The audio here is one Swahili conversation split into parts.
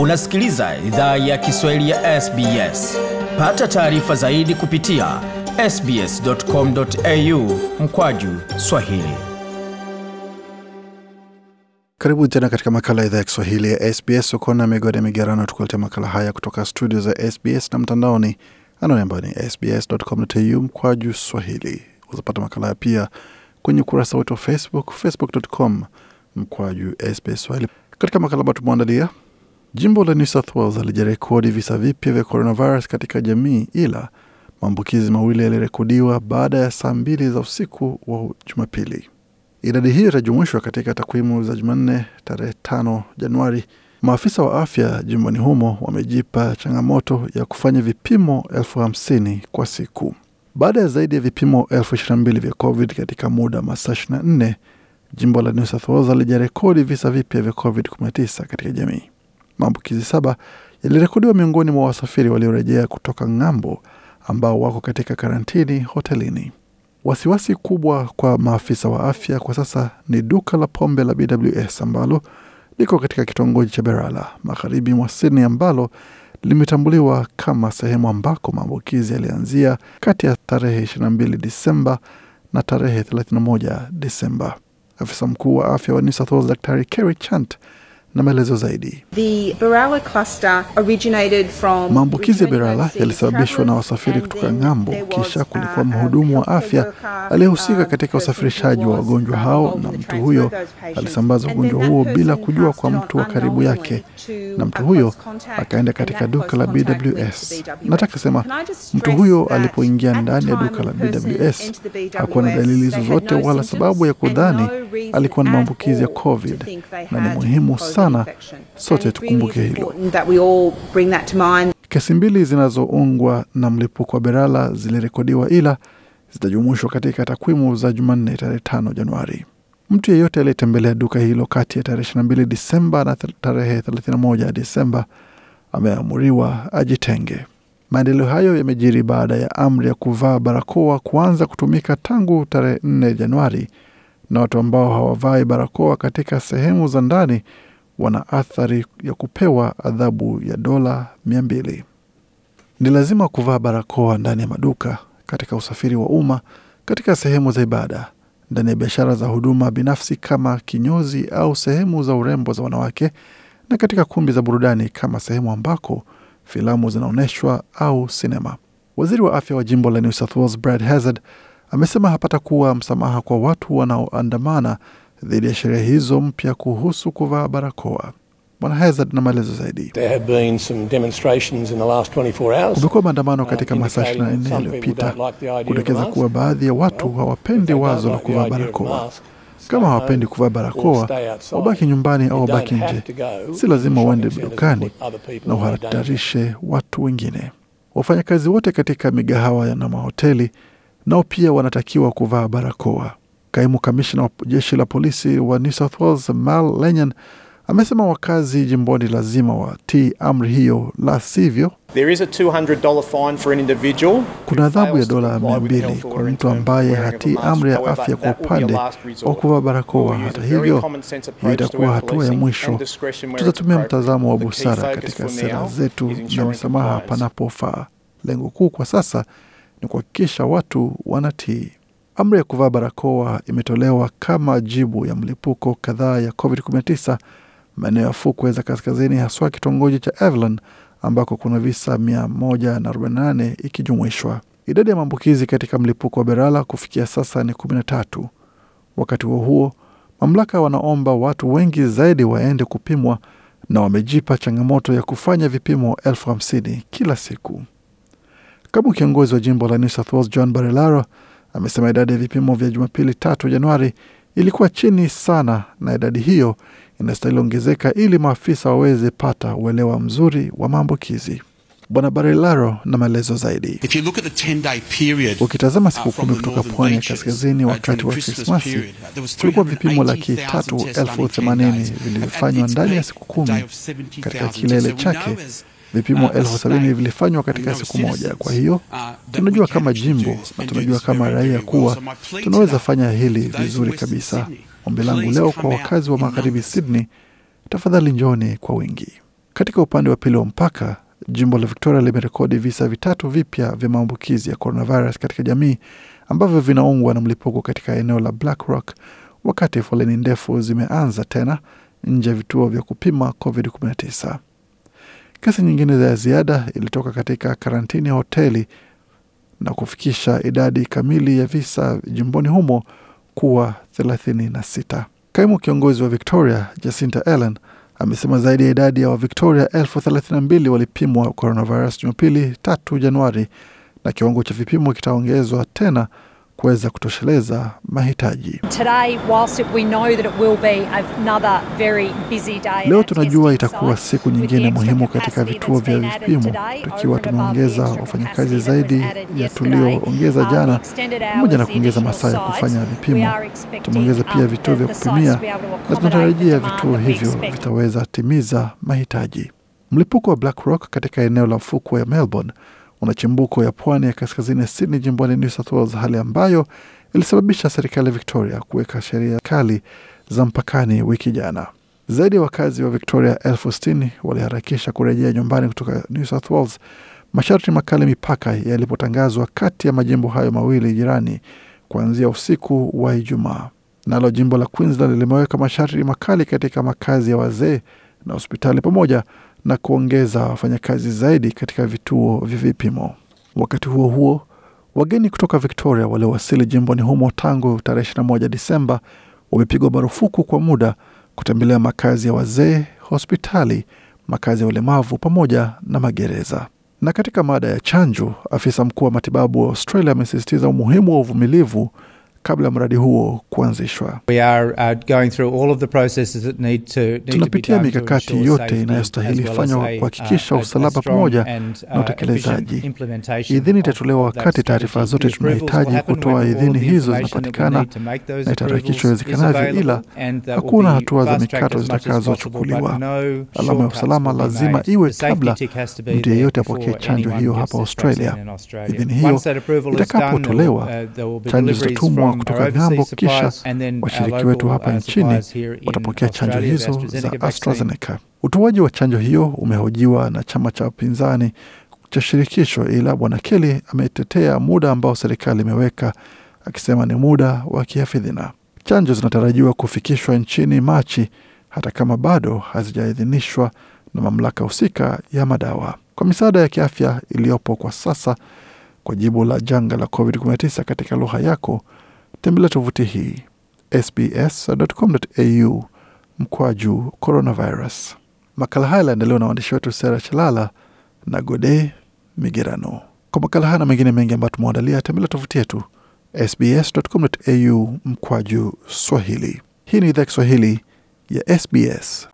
Unasikiliza idhaa ya Kiswahili ya SBS. Pata taarifa zaidi kupitia sbs.com.au mkwaju swahili. Karibu tena katika makala idhaa ya Kiswahili ya SBS. Ukona migodi ya migerano tukuletea makala haya kutoka studio za SBS na mtandaoni, anwani ambayo ni sbs.com.au mkwaju swahili. Uzapata makala haya pia kwenye ukurasa wetu wa Facebook, facebook.com mkwaju SBS swahili. Katika makala ambayo tumeandalia Jimbo la New South Wales alijarekodi visa vipya vya coronavirus katika jamii, ila maambukizi mawili yalirekodiwa baada ya saa mbili za usiku wa Jumapili. Idadi hiyo itajumuishwa katika takwimu za Jumanne tarehe 5 Januari. Maafisa wa afya jimboni humo wamejipa changamoto ya kufanya vipimo elfu hamsini kwa siku baada ya zaidi ya vipimo elfu ishirini na mbili vya COVID katika muda wa masaa 24. Jimbo la New South Wales alijarekodi visa vipya vya COVID-19 katika jamii. Maambukizi saba yalirekodiwa miongoni mwa wasafiri waliorejea kutoka ng'ambo ambao wako katika karantini hotelini. Wasiwasi kubwa kwa maafisa wa afya kwa sasa ni duka la pombe la BWS ambalo liko katika kitongoji cha Berala magharibi mwa Sydney ambalo limetambuliwa kama sehemu ambako maambukizi yalianzia kati ya tarehe 22 Disemba na tarehe 31 Disemba. Afisa mkuu wa afya wa New South Wales Daktari Kerry Chant na maelezo zaidi. Maambukizi ya Berala yalisababishwa na wasafiri kutoka ng'ambo, kisha kulikuwa uh, mhudumu wa afya aliyehusika uh, katika usafirishaji wa wagonjwa uh, hao, na mtu huyo alisambaza ugonjwa huo bila kujua kwa mtu wa karibu yake, na mtu huyo akaenda katika duka la BWS. Nataka sema mtu huyo alipoingia ndani ya duka la BWS hakuwa na dalili zozote wala sababu ya kudhani alikuwa na maambukizi ya COVID, na ni muhimu sana sana. Sote tukumbuke hilo. Kesi mbili zinazoungwa na mlipuko wa Berala zilirekodiwa ila zitajumuishwa katika takwimu za Jumanne tarehe 5 Januari. Mtu yeyote aliyetembelea duka hilo kati ya tarehe 22 Disemba na tarehe 31 Disemba ameamuriwa ajitenge. Maendeleo hayo yamejiri baada ya amri ya kuvaa barakoa kuanza kutumika tangu tarehe 4 Januari, na watu ambao hawavai barakoa katika sehemu za ndani wana athari ya kupewa adhabu ya dola mia mbili. Ni lazima kuvaa barakoa ndani ya maduka, katika usafiri wa umma, katika sehemu za ibada, ndani ya biashara za huduma binafsi kama kinyozi au sehemu za urembo za wanawake, na katika kumbi za burudani kama sehemu ambako filamu zinaonyeshwa au sinema. Waziri wa afya wa jimbo la New South Wales Brad Hazard amesema hapata kuwa msamaha kwa watu wanaoandamana dhidi ya sheria hizo mpya kuhusu kuvaa barakoa. Bwana Hazard na maelezo zaidi. Kumekuwa maandamano uh, katika masaa nne yaliyopita kudokeza kuwa baadhi ya watu hawapendi wazo la kuvaa barakoa. Kama hawapendi kuvaa barakoa, wabaki nyumbani au wabaki nje, si lazima uende dukani na uhatarishe watu wengine. Wafanyakazi wote katika migahawa na mahoteli nao pia wanatakiwa kuvaa barakoa. Kaimu kamishna wa jeshi la polisi wa New South Wales Mal Lenyon amesema wakazi jimboni lazima watii amri hiyo, la sivyo There is a $200 fine for an individual. Kuna adhabu ya dola mbili kwa mtu ambaye hatii amri ya afya kwa upande wa kuvaa barakoa. Hata hivyo, hiyo itakuwa hatua ya mwisho. Tutatumia mtazamo wa busara katika sera zetu na misamaha panapofaa. Lengo kuu kwa sasa ni kuhakikisha watu wanatii. Amri ya kuvaa barakoa imetolewa kama jibu ya mlipuko kadhaa ya COVID-19 maeneo ya fukwe za kaskazini, haswa kitongoji cha Evelyn ambako kuna visa 148 ikijumuishwa. Idadi ya maambukizi katika mlipuko wa Berala kufikia sasa ni 13. Wakati huo huo, mamlaka wanaomba watu wengi zaidi waende kupimwa na wamejipa changamoto ya kufanya vipimo elfu hamsini kila siku. Kama kiongozi wa jimbo la New South Wales John Barilaro amesema idadi ya vipimo vya Jumapili tatu Januari ilikuwa chini sana, na idadi hiyo inastahili ongezeka ili maafisa waweze pata uelewa mzuri wa maambukizi. Bwana Barilaro na maelezo zaidi. Uh, Ukitazama siku kumi kutoka pwani ya kaskazini uh, wakati wa Krismasi, uh, kulikuwa vipimo laki tatu elfu themanini vilivyofanywa ndani ya siku kumi katika kilele chake Vipimo elfu sabini vilifanywa katika siku moja. Kwa hiyo uh, tunajua kama jimbo na tunajua kama raia kuwa tunaweza fanya uh, hili vizuri kabisa. Ombi langu leo kwa wakazi wa magharibi Sydney, tafadhali njoni kwa wingi. Katika upande wa pili wa mpaka, jimbo la Victoria limerekodi visa vitatu vipya vya maambukizi ya coronavirus katika jamii ambavyo vinaungwa na mlipuko katika eneo la Black Rock, wakati foleni ndefu zimeanza tena nje ya vituo vya kupima COVID-19. Kesi nyingine za ziada ilitoka katika karantini ya hoteli na kufikisha idadi kamili ya visa jimboni humo kuwa 36. Kaimu kiongozi wa Victoria Jacinta Allen amesema zaidi ya idadi ya Wavictoria elfu 32 walipimwa coronavirus Jumapili 3 Januari, na kiwango cha vipimo kitaongezwa tena kuweza kutosheleza mahitaji. Leo tunajua itakuwa siku nyingine muhimu katika um, um, vituo vya vipimo, tukiwa tumeongeza wafanyakazi zaidi ya tulioongeza jana, pamoja na kuongeza masaa ya kufanya vipimo. Tumeongeza pia vituo vya kupimia na tunatarajia vituo hivyo vitaweza timiza mahitaji. Mlipuko wa Black Rock katika eneo la fukwe ya Melbourne una chimbuko ya pwani ya kaskazini Sydney jimboni New South Wales, hali ambayo ilisababisha serikali ya Victoria kuweka sheria kali za mpakani wiki jana. Zaidi ya wakazi wa Victoria elfu sitini waliharakisha kurejea nyumbani kutoka New South Wales masharti makali mipaka yalipotangazwa kati ya majimbo hayo mawili jirani kuanzia usiku wa Ijumaa. Nalo jimbo la Queensland limeweka masharti makali katika makazi ya wazee na hospitali pamoja na kuongeza wafanyakazi zaidi katika vituo vya vipimo. Wakati huo huo, wageni kutoka Victoria waliowasili jimboni humo tangu tarehe 21 Disemba wamepigwa marufuku kwa muda kutembelea makazi ya wazee, hospitali, makazi ya ulemavu pamoja na magereza. Na katika mada ya chanjo, afisa mkuu wa matibabu wa Australia amesisitiza umuhimu wa uvumilivu kabla mradi huo kuanzishwa. Uh, Tunapitia mikakati yote inayostahili fanywa kuhakikisha uh, usalama pamoja na uh, utekelezaji. Idhini itatolewa wakati taarifa zote tunahitaji kutoa idhini hizo zinapatikana na itarakishwa iwezekanavyo, ila hakuna hatua za mikato zitakazochukuliwa. Alama ya usalama lazima iwe kabla mtu yeyote apokee chanjo hiyo hapa Australia. Idhini hiyo itakapotolewa, chanjo zitatumwa Dawa mm, kutoka ng'ambo, kisha washiriki wetu hapa nchini watapokea chanjo hizo za AstraZeneca. Utoaji wa chanjo hiyo umehojiwa na chama cha upinzani cha shirikisho, ila bwana Kelly ametetea muda ambao serikali imeweka akisema ni muda wa kihafidhina. Chanjo zinatarajiwa kufikishwa nchini Machi hata kama bado hazijaidhinishwa na mamlaka husika ya madawa kwa misaada ya kiafya iliyopo kwa sasa kwa jibu la janga la COVID-19 katika lugha yako. Tembelea tovuti hii sbs.com.au mkwaju coronavirus. Makala haya yaliandaliwa na waandishi wetu Sera Chalala na Gode Migerano. Kwa makala haya na mengine mengi ambayo tumeandalia, tembelea tovuti yetu sbs.com.au mkwaju swahili. Hii ni idhaa Kiswahili ya SBS.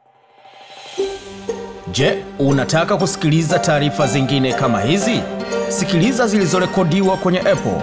Je, unataka kusikiliza taarifa zingine kama hizi? Sikiliza zilizorekodiwa kwenye Apple,